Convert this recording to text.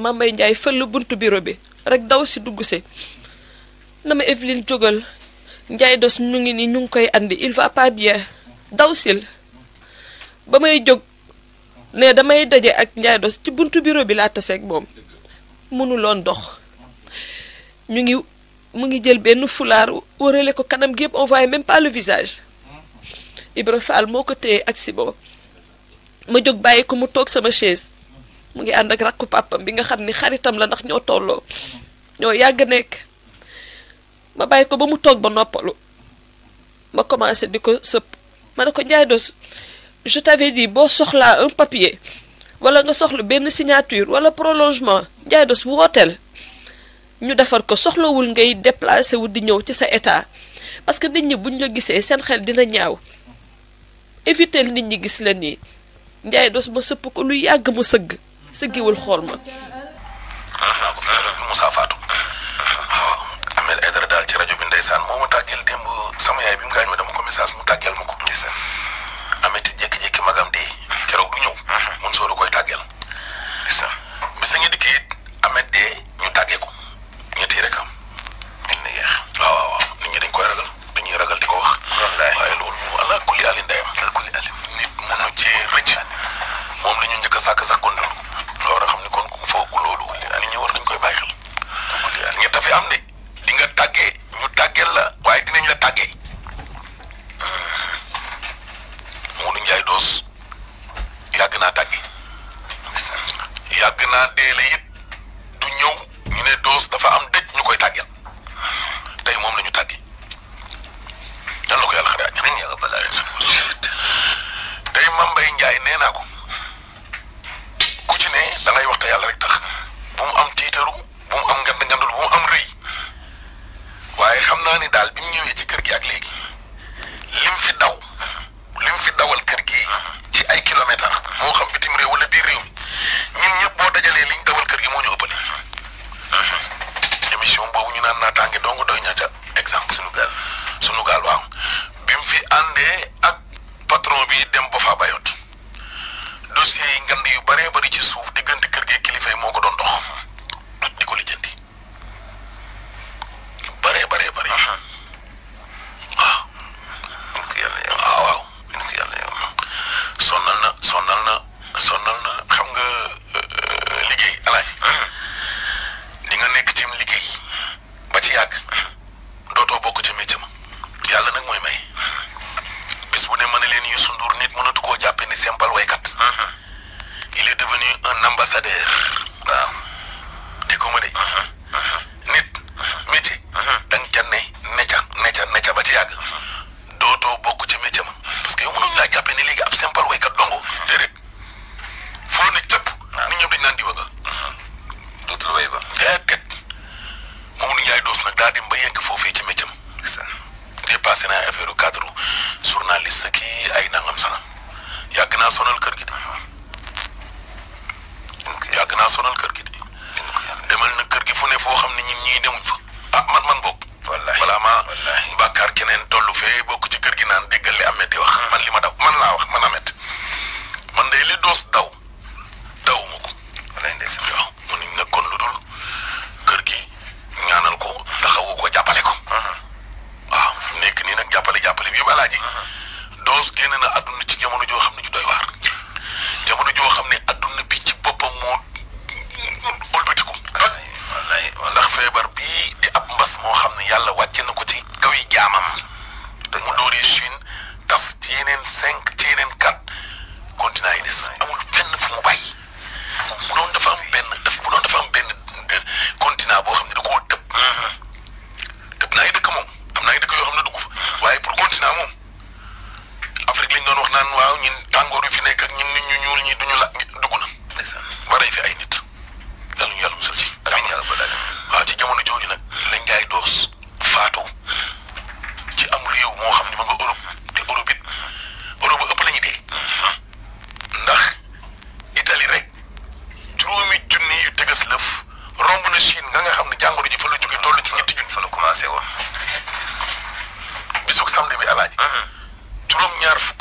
ma Mambay Ndiaye fëll buntu bureau bi rek daw si dugg si na ma Evelyne jógal Ndiaye dos ñu ngi nii ñu ngi koy andi il va pas bien daw sil ba may jóg ne damay daje ak Ndiaye dos ci buntu bureau bi laa taseeg moom mënuloon dox ñu ngi mu ngi jël benn fulaar wërale ko kanam gi yëpp on voyait même pas le visage Ibra Fall moo ko téye ak sibo ma jóg bàyyi ko mu toog sama chaise mu ngi ànd ak rakku pàppam bi nga xam ni xaritam la ndax ñoo tolloo ñoo yàgg nekk ma bàyyi ko ba mu toog ba noppalu ma commencé di ko sëpp ma ne ko Ndiaye Dos je t'avais dit boo soxlaa un papier wala nga soxla benn signature wala prologement Ndiaye Dos wooteel ñu defar ko soxlawul ngay déplacé wu di ñëw ci sa état parce que nit ñi buñ la gisee seen xel dina ñaaw éviter nit ñi gis la nii Ndiaye Dos ma sëpp ko lu yàgg mu sëgg sëggiwul xool ma. Moussa Fatou waaw daal ci rajo bi ndeysaan moo ma tàggeel démb sama yaay bi mu gaañoo dama ko message mu tàggeel ma ko. ndeysaan ameti jékki-jékki magam di keroog bu ñëw. mun soo koy tàggeel. ndeysaan ta nga dikk it amet dee ñu tàggee ko ñetti rek am. dina yéex dañ koy ragal dañuy ko wax. wallaay waaye loolu ala kulli ñu njëkk a sàkk sàkk fi am de di nga tàggee ñu tàggee la waaye dinañ la tàggee Modou Ndiaye Doss yàgg naa tàggee yàgg naa deele it du ñëw ñu ne Doss dafa am dëj ñu koy tàggeel tey moom lañu ñu tàggee yàlla tey Mame Mbaye Ndiaye nee naa ko. yàgg dootoo bokk ca métier ma parce que yow mënuñu laa jàppee ne léegi ab simple waykat dongo déedéet fu lu ne cëpp ah. nit ñëpp dañ naan diwa nga uh-huh. dootul way ba déedéet moom nu ñaay doos nag daa dem ba yegg foofee ci métier ma dépassé naa affaire cadre journaliste kii ay nangam sana yàgg naa sonal kër gi alaaji doos génn na àdduna ci jamono a xam commencé woon bisub samedi bi alaaji mm-hmm. juróom ñaar fukk